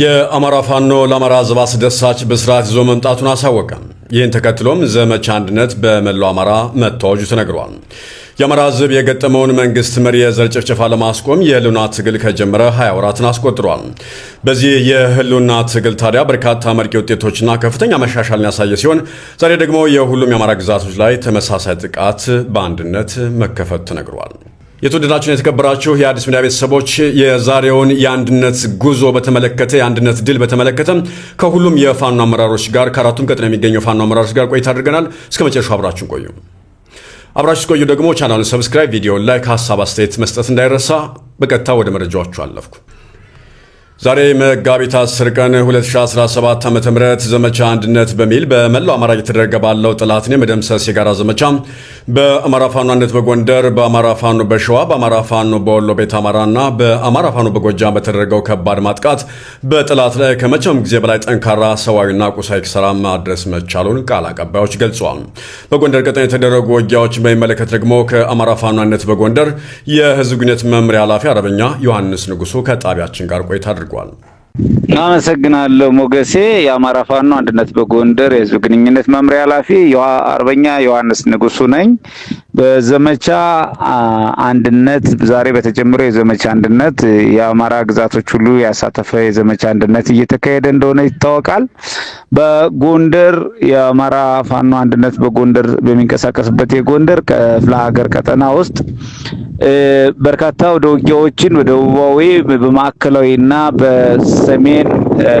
የአማራ ፋኖ ለአማራ ሕዝብ አስደሳች ብስራት ይዞ መምጣቱን አሳወቀ። ይህን ተከትሎም ዘመቻ አንድነት በመላው አማራ መታወጁ ተነግሯል። የአማራ ህዝብ የገጠመውን መንግስት መሪ የዘር ጭፍጨፋ ለማስቆም የህልውና ትግል ከጀመረ 20 ወራትን አስቆጥሯል። በዚህ የህልውና ትግል ታዲያ በርካታ መርቂ ውጤቶችና ከፍተኛ መሻሻልን ያሳየ ሲሆን ዛሬ ደግሞ የሁሉም የአማራ ግዛቶች ላይ ተመሳሳይ ጥቃት በአንድነት መከፈት ተነግሯል። የተወደዳችሁን የተከበራችሁ የአዲስ ሚዲያ ቤተሰቦች የዛሬውን የአንድነት ጉዞ በተመለከተ የአንድነት ድል በተመለከተ ከሁሉም የፋኖ አመራሮች ጋር ከአራቱም ቀጥና የሚገኘው ፋኖ አመራሮች ጋር ቆይታ አድርገናል። እስከ መጨረሻው አብራችሁን ቆዩ። አብራችሁ ቆዩ። ደግሞ ቻናሉን ሰብስክራይብ፣ ቪዲዮን ላይክ፣ ሀሳብ አስተያየት መስጠት እንዳይረሳ። በቀጥታ ወደ መረጃዎቹ አለፍኩ። ዛሬ መጋቢት 10 ቀን 2017 ዓ.ም ዘመቻ አንድነት በሚል በመላው አማራ እየተደረገ ባለው ጠላትን የመደምሰስ የጋራ ዘመቻ በአማራ ፋኖ አንድነት በጎንደር፣ በአማራ ፋኖ በሸዋ፣ በአማራ ፋኖ በወሎ ቤት አማራና በአማራ ፋኖ በጎጃም በተደረገው ከባድ ማጥቃት በጥላት ላይ ከመቼውም ጊዜ በላይ ጠንካራ ሰዋዊና ቁሳዊ ኪሳራ ማድረስ መቻሉን ቃል አቀባዮች ገልጿል። በጎንደር ቀጠና የተደረጉ ውጊያዎችን በሚመለከት ደግሞ ከአማራ ፋኖ አንድነት በጎንደር የህዝብ ግንኙነት መምሪያ ኃላፊ አርበኛ ዮሐንስ ንጉሱ ከጣቢያችን ጋር ቆይታ አድርገዋል። cual. አመሰግናለሁ ሞገሴ። የአማራ ፋኖ አንድነት በጎንደር የህዝብ ግንኙነት መምሪያ ኃላፊ አርበኛ ዮሐንስ ንጉሱ ነኝ። በዘመቻ አንድነት ዛሬ በተጀመረው የዘመቻ አንድነት የአማራ ግዛቶች ሁሉ ያሳተፈ የዘመቻ አንድነት እየተካሄደ እንደሆነ ይታወቃል። በጎንደር የአማራ ፋኖ አንድነት በጎንደር በሚንቀሳቀስበት የጎንደር ክፍለ ሀገር ቀጠና ውስጥ በርካታ ወደ ውጊያዎችን በደቡባዊ በማዕከላዊና ሰሜን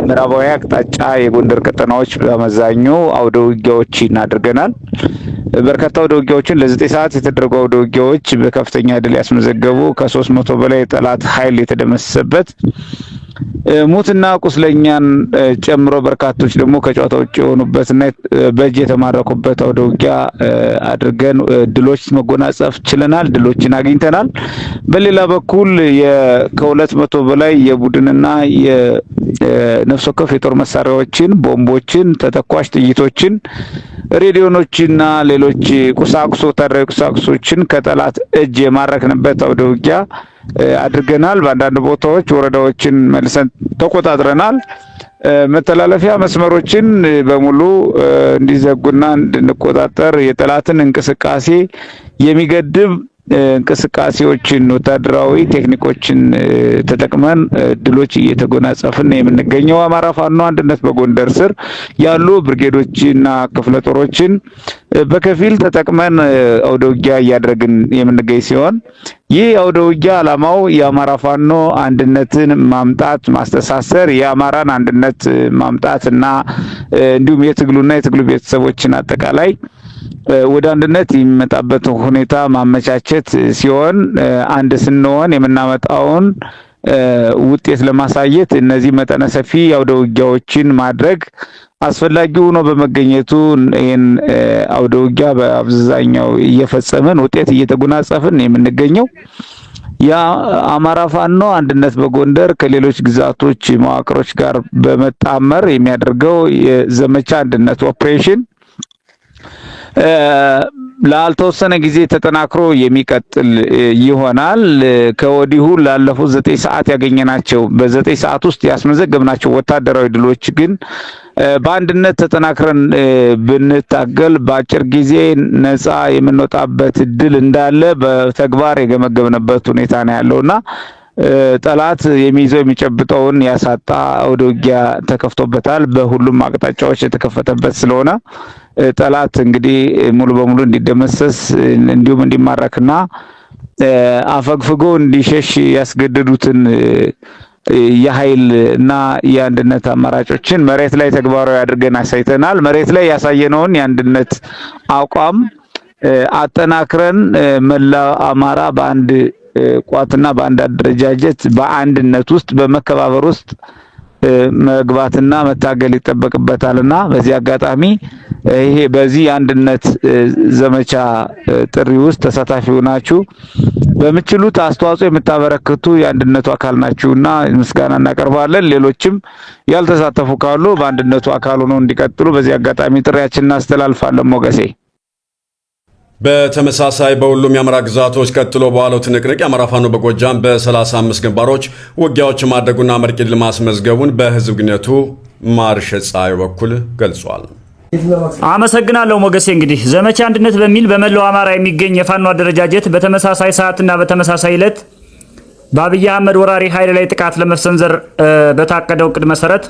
ምዕራባዊ አቅጣጫ የጎንደር ቀጠናዎች በአመዛኙ አውደ ውጊያዎች እናድርገናል። በርካታ ወደ ውጊያዎችን ለዘጠኝ ሰዓት የተደረጉ ወደ ውጊያዎች በከፍተኛ ድል ያስመዘገቡ ከሶስት መቶ በላይ የጠላት ኃይል የተደመሰሰበት ሙትና ቁስለኛን ጨምሮ በርካቶች ደግሞ ከጨዋታ ውጭ የሆኑበትና በእጅ የተማረኩበት አውደ ውጊያ አድርገን ድሎች መጎናጸፍ ችለናል። ድሎችን አግኝተናል። በሌላ በኩል ከሁለት መቶ በላይ የቡድንና የነፍስ ወከፍ የጦር መሳሪያዎችን፣ ቦምቦችን፣ ተተኳሽ ጥይቶችን፣ ሬዲዮኖችና ሌሎች ቁሳቁሶ ወታደራዊ ቁሳቁሶችን ከጠላት እጅ የማረክንበት አውደ ውጊያ አድርገናል። በአንዳንድ ቦታዎች ወረዳዎችን መልሰን ተቆጣጥረናል። መተላለፊያ መስመሮችን በሙሉ እንዲዘጉና እንድንቆጣጠር የጠላትን እንቅስቃሴ የሚገድብ እንቅስቃሴዎችን ወታደራዊ ቴክኒኮችን ተጠቅመን ድሎች እየተጎናጸፍን የምንገኘው አማራ ፋኖ አንድነት በጎንደር ስር ያሉ ብርጌዶችና ክፍለ ጦሮችን በከፊል ተጠቅመን አውደ ውጊያ እያደረግን የምንገኝ ሲሆን ይህ አውደ ውጊያ ዓላማው የአማራ ፋኖ አንድነትን ማምጣት ማስተሳሰር፣ የአማራን አንድነት ማምጣት እና እንዲሁም የትግሉና የትግሉ ቤተሰቦችን አጠቃላይ ወደ አንድነት የሚመጣበት ሁኔታ ማመቻቸት ሲሆን አንድ ስንሆን የምናመጣውን ውጤት ለማሳየት እነዚህ መጠነ ሰፊ አውደ ውጊያዎችን ማድረግ አስፈላጊ ሆኖ በመገኘቱ ይህን አውደ ውጊያ በአብዛኛው እየፈጸምን ውጤት እየተጎናጸፍን የምንገኘው የአማራ ፋኖ አንድነት በጎንደር ከሌሎች ግዛቶች መዋቅሮች ጋር በመጣመር የሚያደርገው የዘመቻ አንድነት ኦፕሬሽን ላልተወሰነ ጊዜ ተጠናክሮ የሚቀጥል ይሆናል። ከወዲሁ ላለፉት ዘጠኝ ሰዓት ያገኘናቸው በዘጠኝ ሰዓት ውስጥ ያስመዘገብናቸው ወታደራዊ ድሎች ግን በአንድነት ተጠናክረን ብንታገል በአጭር ጊዜ ነፃ የምንወጣበት እድል እንዳለ በተግባር የገመገብንበት ሁኔታ ነው ያለውና ጠላት የሚይዘው የሚጨብጠውን ያሳጣ አውደ ውጊያ ተከፍቶበታል። በሁሉም አቅጣጫዎች የተከፈተበት ስለሆነ ጠላት እንግዲህ ሙሉ በሙሉ እንዲደመሰስ እንዲሁም እንዲማረክና አፈግፍጎ እንዲሸሽ ያስገደዱትን የኃይል እና የአንድነት አማራጮችን መሬት ላይ ተግባራዊ አድርገን አሳይተናል። መሬት ላይ ያሳየነውን የአንድነት አቋም አጠናክረን መላ አማራ በአንድ ቋትና በአንድ አደረጃጀት በአንድነት ውስጥ በመከባበር ውስጥ መግባትና መታገል ይጠበቅበታልና በዚህ አጋጣሚ ይሄ በዚህ አንድነት ዘመቻ ጥሪ ውስጥ ተሳታፊ ናችሁ፣ በምችሉት አስተዋጽኦ የምታበረክቱ የአንድነቱ አካል ናችሁና ምስጋና እናቀርባለን። ሌሎችም ያልተሳተፉ ካሉ በአንድነቱ አካል ሆነው እንዲቀጥሉ በዚህ አጋጣሚ ጥሪያችን እናስተላልፋለን። ሞገሴ በተመሳሳይ በሁሉም የአማራ ግዛቶች ቀጥሎ በዋለው ትንቅንቅ የአማራ ፋኖ በጎጃም በ35 ግንባሮች ውጊያዎች ማድረጉና አመርቂ ድል ማስመዝገቡን በህዝብ ግንኙነቱ ማርሽ ፀሐይ በኩል ገልጿል። አመሰግናለሁ ሞገሴ። እንግዲህ ዘመቻ አንድነት በሚል በመላው አማራ የሚገኝ የፋኖ አደረጃጀት በተመሳሳይ ሰዓትና በተመሳሳይ ዕለት በአብይ አህመድ ወራሪ ኃይል ላይ ጥቃት ለመሰንዘር በታቀደው እቅድ መሰረት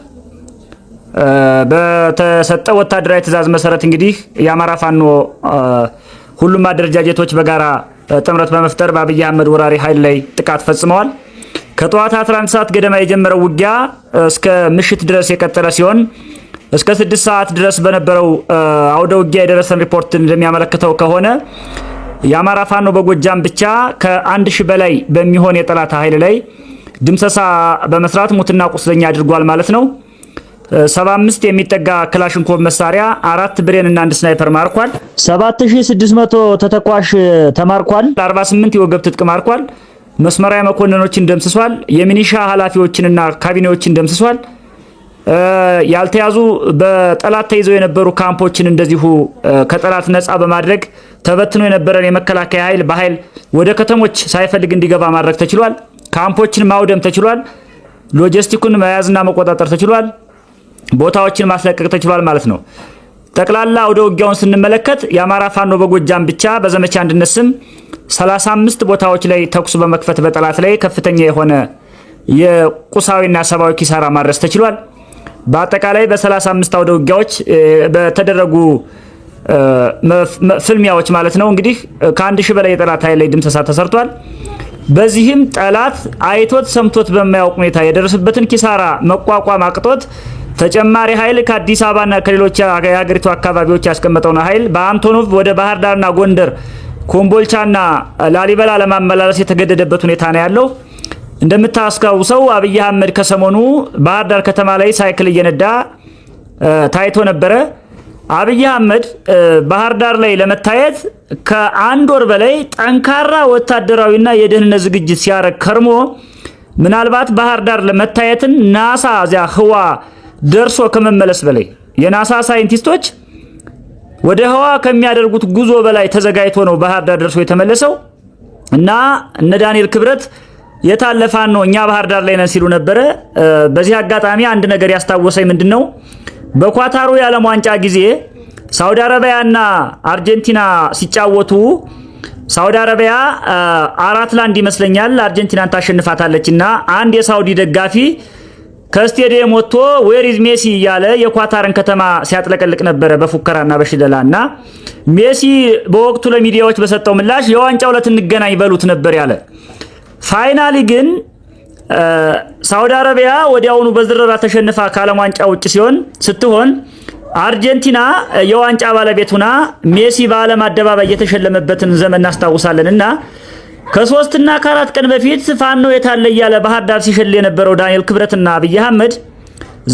በተሰጠ ወታደራዊ ትእዛዝ መሰረት እንግዲህ የአማራ ፋኖ ሁሉም አደረጃጀቶች በጋራ ጥምረት በመፍጠር በአብይ አህመድ ወራሪ ኃይል ላይ ጥቃት ፈጽመዋል። ከጠዋት 11 ሰዓት ገደማ የጀመረው ውጊያ እስከ ምሽት ድረስ የቀጠለ ሲሆን እስከ 6 ሰዓት ድረስ በነበረው አውደ ውጊያ የደረሰን ሪፖርት እንደሚያመለክተው ከሆነ የአማራ ፋኖ በጎጃም ብቻ ከአንድ ሺህ በላይ በሚሆን የጠላት ኃይል ላይ ድምሰሳ በመስራት ሙትና ቁስለኛ አድርጓል ማለት ነው። 75 የሚጠጋ ክላሽንኮቭ መሳሪያ፣ አራት ብሬን እና አንድ ስናይፐር ማርኳል። 7600 ተተኳሽ ተማርኳል። 48 የወገብ ትጥቅ ማርኳል። መስመራዊ መኮንኖችን ደምስሷል። የሚኒሻ ኃላፊዎችንና ካቢኔዎችን ደምስሷል። ያልተያዙ በጠላት ተይዘው የነበሩ ካምፖችን እንደዚሁ ከጠላት ነፃ በማድረግ ተበትኖ የነበረን የመከላከያ ኃይል በኃይል ወደ ከተሞች ሳይፈልግ እንዲገባ ማድረግ ተችሏል። ካምፖችን ማውደም ተችሏል። ሎጂስቲኩን መያዝና መቆጣጠር ተችሏል። ቦታዎችን ማስለቀቅ ተችሏል ማለት ነው። ጠቅላላ ወደ ውጊያውን ስንመለከት የአማራ ፋኖ በጎጃም ብቻ በዘመቻ አንድነት ስም 35 ቦታዎች ላይ ተኩስ በመክፈት በጠላት ላይ ከፍተኛ የሆነ የቁሳዊና ሰብአዊ ኪሳራ ማድረስ ተችሏል። በአጠቃላይ በ35 አውደ ውጊያዎች በተደረጉ ፍልሚያዎች ማለት ነው እንግዲህ ከአንድ ሺህ በላይ የጠላት ኃይል ላይ ድምሰሳ ተሰርቷል። በዚህም ጠላት አይቶት ሰምቶት በማያውቅ ሁኔታ የደረሰበትን ኪሳራ መቋቋም አቅቶት ተጨማሪ ኃይል ከአዲስ አበባና ከሌሎች የሀገሪቱ አካባቢዎች ያስቀመጠውን ኃይል በአንቶኖቭ ወደ ባህር ዳርና ጎንደር፣ ኮምቦልቻና ላሊበላ ለማመላለስ የተገደደበት ሁኔታ ነው ያለው። እንደምታስታውሰው አብይ አህመድ ከሰሞኑ ባህር ዳር ከተማ ላይ ሳይክል እየነዳ ታይቶ ነበረ። አብይ አህመድ ባህር ዳር ላይ ለመታየት ከአንድ ወር በላይ ጠንካራ ወታደራዊና የደህንነት ዝግጅት ሲያረግ ከርሞ ምናልባት ባህር ዳር ለመታየትን ናሳ እዚያ ህዋ ደርሶ ከመመለስ በላይ የናሳ ሳይንቲስቶች ወደ ህዋ ከሚያደርጉት ጉዞ በላይ ተዘጋጅቶ ነው ባህር ዳር ደርሶ የተመለሰው እና እነ ዳንኤል ክብረት የታለፋን ነው እኛ ባህር ዳር ላይ ነን ሲሉ ነበረ። በዚህ አጋጣሚ አንድ ነገር ያስታወሰኝ ምንድን ነው በኳታሩ የዓለም ዋንጫ ጊዜ ሳውዲ አረቢያና አርጀንቲና ሲጫወቱ ሳውዲ አረቢያ አራት ላንድ ይመስለኛል አርጀንቲናን ታሸንፋታለች እና አንድ የሳውዲ ደጋፊ ከስቴዲየም ወጥቶ ዌሪዝ ሜሲ እያለ የኳታርን ከተማ ሲያጥለቀልቅ ነበረ በፉከራና በሽለላ እና ሜሲ በወቅቱ ለሚዲያዎች በሰጠው ምላሽ የዋንጫው ዕለት እንገናኝ በሉት ነበር ያለ። ፋይናሊ ግን ሳውዲ አረቢያ ወዲያውኑ በዝረራ ተሸንፋ ከዓለም ዋንጫ ውጭ ሲሆን ስትሆን አርጀንቲና የዋንጫ ባለቤት ሁና ሜሲ በዓለም አደባባይ የተሸለመበትን ዘመን እናስታውሳለን እና ከሶስትና ከአራት ቀን በፊት ፋኖ የታለ እያለ ባህር ዳር ሲሸል የነበረው ዳንኤል ክብረትና አብይ አህመድ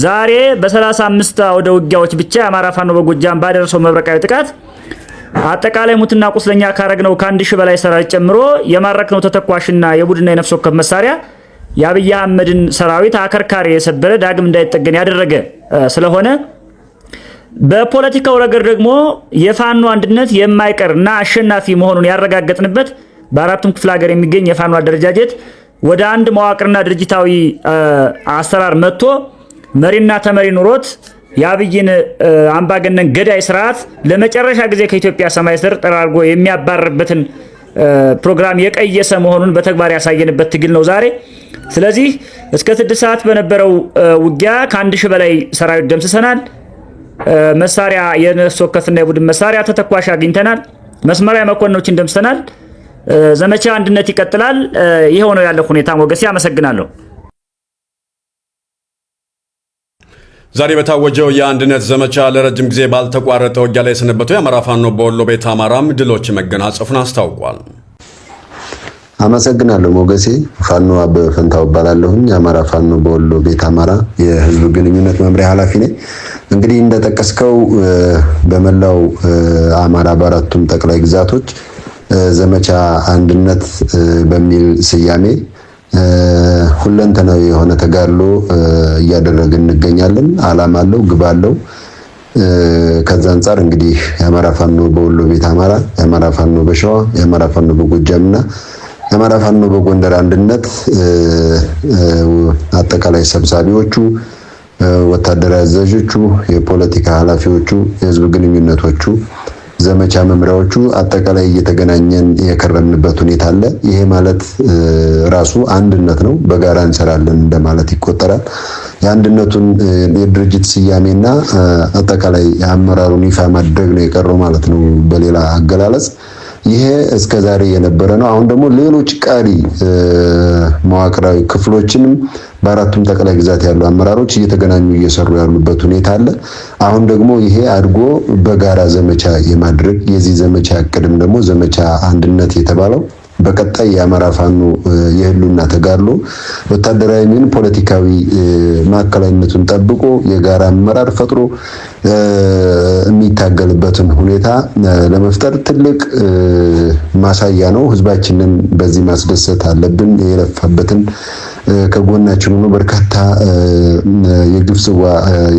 ዛሬ በ35 አውደ ውጊያዎች ብቻ የአማራ ፋኖ በጎጃም ባደረሰው መብረቃዊ ጥቃት አጠቃላይ ሙትና ቁስለኛ ካረግነው ከአንድ ሺህ በላይ ሰራዊት ጨምሮ የማረክነው ተተኳሽና የቡድንና የነፍስ ወከፍ መሳሪያ የአብይ አህመድን ሰራዊት አከርካሪ የሰበረ ዳግም እንዳይጠገን ያደረገ ስለሆነ በፖለቲካው ረገድ ደግሞ የፋኖ አንድነት የማይቀርና አሸናፊ መሆኑን ያረጋገጥንበት በአራቱም ክፍለ ሀገር የሚገኝ የፋኖ አደረጃጀት ወደ አንድ መዋቅርና ድርጅታዊ አሰራር መጥቶ መሪና ተመሪ ኑሮት የአብይን አምባገነን ገዳይ ስርዓት ለመጨረሻ ጊዜ ከኢትዮጵያ ሰማይ ስር ጠራርጎ የሚያባርርበትን ፕሮግራም የቀየሰ መሆኑን በተግባር ያሳየንበት ትግል ነው ዛሬ። ስለዚህ እስከ ስድስት ሰዓት በነበረው ውጊያ ከአንድ ሺህ በላይ ሰራዊት ደምስሰናል። መሳሪያ የነፍስ ወከፍና የቡድን መሳሪያ ተተኳሽ አግኝተናል። መስመሪያ መኮንኖችን ደምስሰናል። ዘመቻ አንድነት ይቀጥላል። ይኸው ሆነው ያለው ሁኔታ። ሞገሴ አመሰግናለሁ። ዛሬ በታወጀው የአንድነት ዘመቻ ለረጅም ጊዜ ባልተቋረጠ ውጊያ ላይ የሰነበተው የአማራ ፋኖ በወሎ ቤት አማራም ድሎች መገናጸፉን አስታውቋል። አመሰግናለሁ ሞገሴ። ፋኖ አበበ ፈንታው እባላለሁኝ። የአማራ ፋኖ በወሎ ቤት አማራ የህዝብ ግንኙነት መምሪያ ኃላፊ ነኝ። እንግዲህ እንደጠቀስከው በመላው አማራ በአራቱም ጠቅላይ ግዛቶች ዘመቻ አንድነት በሚል ስያሜ ሁለንተናዊ የሆነ ተጋድሎ እያደረግን እንገኛለን። አላማ አለው፣ ግብ አለው። ከዛ አንጻር እንግዲህ የአማራ ፋኖ በወሎ ቤት አማራ፣ የአማራ ፋኖ በሸዋ፣ የአማራ ፋኖ በጎጃምና የአማራ ፋኖ በጎንደር አንድነት አጠቃላይ ሰብሳቢዎቹ፣ ወታደራዊ አዛዦቹ፣ የፖለቲካ ኃላፊዎቹ፣ የህዝብ ግንኙነቶቹ ዘመቻ መምሪያዎቹ አጠቃላይ እየተገናኘን የከረምንበት ሁኔታ አለ። ይሄ ማለት ራሱ አንድነት ነው። በጋራ እንሰራለን እንደማለት ይቆጠራል። የአንድነቱን የድርጅት ስያሜና አጠቃላይ የአመራሩን ይፋ ማድረግ ነው የቀረው ማለት ነው በሌላ አገላለጽ ይሄ እስከ ዛሬ የነበረ ነው። አሁን ደግሞ ሌሎች ቀሪ መዋቅራዊ ክፍሎችንም በአራቱም ጠቅላይ ግዛት ያሉ አመራሮች እየተገናኙ እየሰሩ ያሉበት ሁኔታ አለ። አሁን ደግሞ ይሄ አድጎ በጋራ ዘመቻ የማድረግ የዚህ ዘመቻ እቅድም ደግሞ ዘመቻ አንድነት የተባለው በቀጣይ የአማራ ፋኖ የህልውና ተጋድሎ ወታደራዊ ፖለቲካዊ ማዕከላዊነቱን ጠብቆ የጋራ አመራር ፈጥሮ የሚታገልበትን ሁኔታ ለመፍጠር ትልቅ ማሳያ ነው። ህዝባችንን በዚህ ማስደሰት አለብን የለፋበትን ከጎናችን ሆኖ በርካታ የግፍ ጽዋ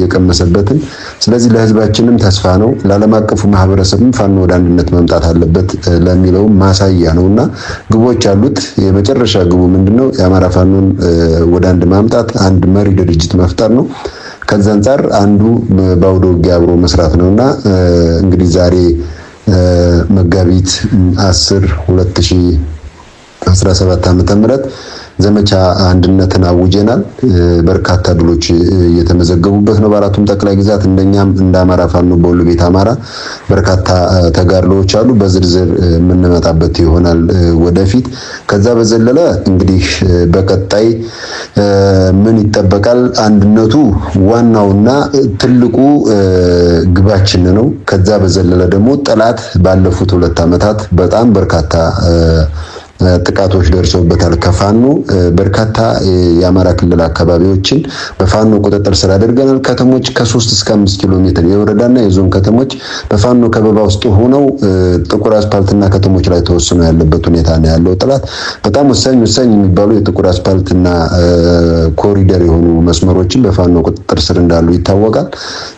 የቀመሰበትን ስለዚህ ለህዝባችንም ተስፋ ነው፣ ለዓለም አቀፉ ማህበረሰብም ፋኖ ወደ አንድነት መምጣት አለበት ለሚለውም ማሳያ ነው እና ግቦች አሉት። የመጨረሻ ግቡ ምንድነው የአማራ ፋኖን ወደ አንድ ማምጣት፣ አንድ መሪ ድርጅት መፍጠር ነው። ከዛ አንጻር አንዱ በአውደ ውጊያ አብሮ መስራት ነው እና እንግዲህ ዛሬ መጋቢት 10 2017 ም ዘመቻ አንድነትን አውጀናል። በርካታ ድሎች እየተመዘገቡበት ነው በአራቱም ጠቅላይ ግዛት። እንደኛም እንደ አማራ ፋኖ በወሎ ቤት አማራ በርካታ ተጋድሎዎች አሉ። በዝርዝር የምንመጣበት ይሆናል ወደፊት። ከዛ በዘለለ እንግዲህ በቀጣይ ምን ይጠበቃል? አንድነቱ ዋናውና ትልቁ ግባችን ነው። ከዛ በዘለለ ደግሞ ጠላት ባለፉት ሁለት ዓመታት በጣም በርካታ ጥቃቶች ደርሰውበታል። ከፋኖ በርካታ የአማራ ክልል አካባቢዎችን በፋኖ ቁጥጥር ስር አድርገናል። ከተሞች ከሶስት እስከ አምስት ኪሎ ሜትር የወረዳና የዞን ከተሞች በፋኖ ከበባ ውስጥ ሆነው ጥቁር አስፓልትና ከተሞች ላይ ተወስኖ ያለበት ሁኔታ ነው ያለው። ጥላት። በጣም ወሳኝ ወሳኝ የሚባሉ የጥቁር አስፓልትና ኮሪደር የሆኑ መስመሮችን በፋኖ ቁጥጥር ስር እንዳሉ ይታወቃል።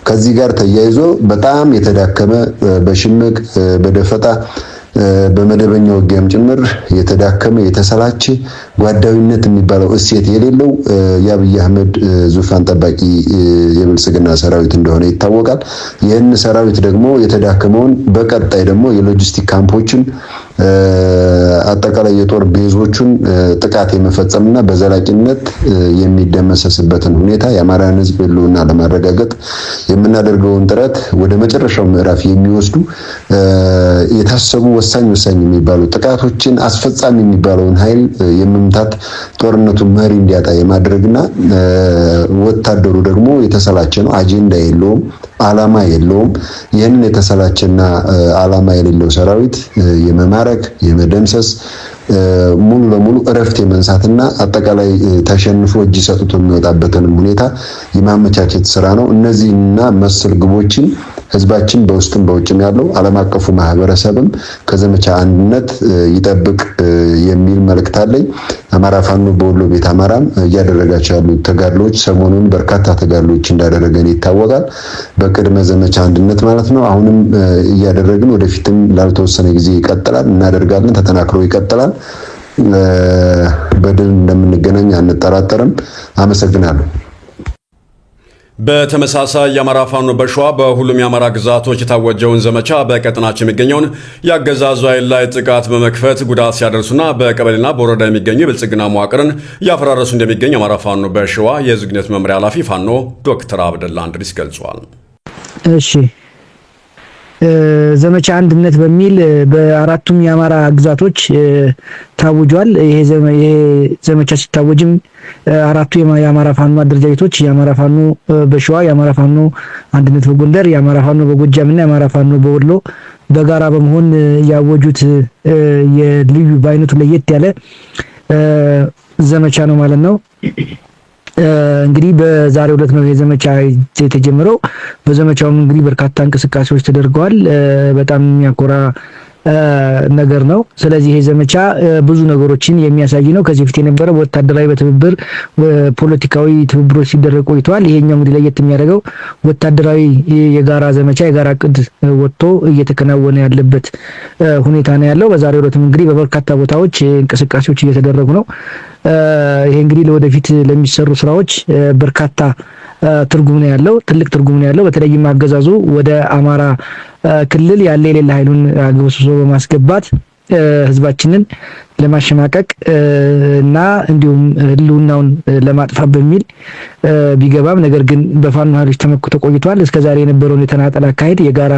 ከዚህ ጋር ተያይዞ በጣም የተዳከመ በሽምቅ በደፈጣ በመደበኛ ውጊያም ጭምር የተዳከመ የተሰላቸ ጓዳዊነት የሚባለው እሴት የሌለው የአብይ አህመድ ዙፋን ጠባቂ የብልጽግና ሰራዊት እንደሆነ ይታወቃል። ይህን ሰራዊት ደግሞ የተዳከመውን በቀጣይ ደግሞ የሎጂስቲክ ካምፖችን አጠቃላይ የጦር ቤዞቹን ጥቃት የመፈጸምና በዘላቂነት የሚደመሰስበትን ሁኔታ የአማራን ሕዝብ ህልውና ለማረጋገጥ የምናደርገውን ጥረት ወደ መጨረሻው ምዕራፍ የሚወስዱ የታሰቡ ወሳኝ ወሳኝ የሚባሉ ጥቃቶችን አስፈጻሚ የሚባለውን ኃይል የመምታት ጦርነቱን መሪ እንዲያጣ የማድረግና ወታደሩ ደግሞ የተሰላቸ ነው። አጀንዳ የለውም፣ አላማ የለውም። ይህንን የተሰላቸና አላማ የሌለው ሰራዊት የመማረክ የመደምሰስ ሙሉ ለሙሉ እረፍት የመንሳትና አጠቃላይ ተሸንፎ እጅ ሰጥቶ የሚወጣበትንም ሁኔታ የማመቻቸት ስራ ነው። እነዚህና መሰል ግቦችን ህዝባችን በውስጥም በውጭም ያለው ዓለም አቀፉ ማህበረሰብም ከዘመቻ አንድነት ይጠብቅ የሚል መልእክት አለኝ። አማራ ፋኖ በወሎ ቤት አማራም እያደረጋቸው ያሉ ተጋድሎች ሰሞኑን በርካታ ተጋድሎች እንዳደረገን ይታወቃል። በቅድመ ዘመቻ አንድነት ማለት ነው። አሁንም እያደረግን ወደፊትም ላልተወሰነ ጊዜ ይቀጥላል፣ እናደርጋለን። ተጠናክሮ ይቀጥላል። በድል እንደምንገናኝ አንጠራጠርም። አመሰግናለሁ። በተመሳሳይ የአማራ ፋኖ በሸዋ በሁሉም የአማራ ግዛቶች የታወጀውን ዘመቻ በቀጠናቸው የሚገኘውን የአገዛዙ ኃይል ላይ ጥቃት በመክፈት ጉዳት ሲያደርሱና በቀበሌና በወረዳ የሚገኙ የብልጽግና መዋቅርን እያፈራረሱ እንደሚገኝ የአማራ ፋኖ በሸዋ የዝግነት መምሪያ ኃላፊ ፋኖ ዶክተር አብደላ አንድሪስ ገልጿል። እሺ ዘመቻ አንድነት በሚል በአራቱም የአማራ ግዛቶች ታውጇል። ይሄ ዘመቻ ሲታወጅም አራቱ የአማራ ፋኖ አደረጃጀቶች የአማራ ፋኖ በሸዋ፣ የአማራ ፋኖ አንድነት በጎንደር፣ የአማራ ፋኖ በጎጃም እና የአማራ ፋኖ በወሎ በጋራ በመሆን ያወጁት የልዩ በአይነቱ ለየት ያለ ዘመቻ ነው ማለት ነው። እንግዲህ በዛሬ ሁለት ነው የዘመቻ የተጀመረው። በዘመቻውም እንግዲህ በርካታ እንቅስቃሴዎች ተደርገዋል። በጣም የሚያኮራ ነገር ነው። ስለዚህ ይሄ ዘመቻ ብዙ ነገሮችን የሚያሳይ ነው። ከዚህ በፊት የነበረ ወታደራዊ በትብብር ፖለቲካዊ ትብብሮች ሲደረግ ቆይተዋል። ይሄኛው እንግዲህ ለየት የሚያደርገው ወታደራዊ የጋራ ዘመቻ የጋራ እቅድ ወጥቶ እየተከናወነ ያለበት ሁኔታ ነው ያለው። በዛሬው ዕለትም እንግዲህ በበርካታ ቦታዎች እንቅስቃሴዎች እየተደረጉ ነው። ይሄ እንግዲህ ለወደፊት ለሚሰሩ ስራዎች በርካታ ትርጉም ነው ያለው፣ ትልቅ ትርጉም ነው ያለው። በተለይም አገዛዙ ወደ አማራ ክልል ያለ የሌለ ኃይሉን አግብስብሶ በማስገባት ህዝባችንን ለማሸማቀቅ እና እንዲሁም ህልውናውን ለማጥፋት በሚል ቢገባም ነገር ግን በፋኖ ኃይሎች ተመክቶ ቆይቷል። እስከዛሬ የነበረውን የተናጠል አካሄድ የጋራ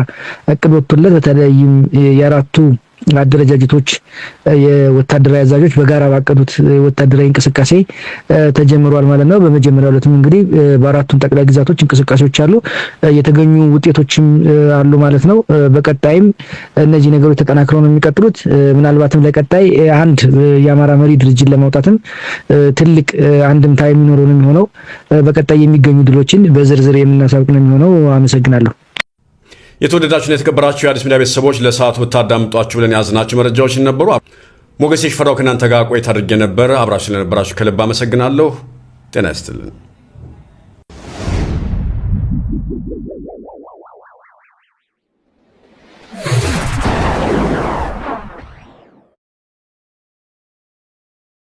እቅድ ወጥቶለት በተለይም የአራቱ አደረጃጀቶች የወታደራዊ አዛዦች በጋራ ባቀዱት ወታደራዊ እንቅስቃሴ ተጀምሯል ማለት ነው። በመጀመሪያ ዕለትም እንግዲህ በአራቱም ጠቅላይ ግዛቶች እንቅስቃሴዎች አሉ፣ የተገኙ ውጤቶችም አሉ ማለት ነው። በቀጣይም እነዚህ ነገሮች ተጠናክረው ነው የሚቀጥሉት። ምናልባትም ለቀጣይ አንድ የአማራ መሪ ድርጅት ለማውጣትም ትልቅ አንድምታ የሚኖረው ነው የሚሆነው። በቀጣይ የሚገኙ ድሎችን በዝርዝር የምናሳውቅ ነው የሚሆነው። አመሰግናለሁ። የተወደዳችሁና የተከበራችሁ የአዲስ ሚዲያ ቤተሰቦች ለሰዓቱ ብታዳምጧችሁ ብለን የያዝናችሁ መረጃዎች ነበሩ። ሞገሴ ሽፈራው ከእናንተ ጋር ቆይታ አድርጌ ነበር። አብራችሁ ለነበራችሁ ከልብ አመሰግናለሁ። ጤና ይስጥልን።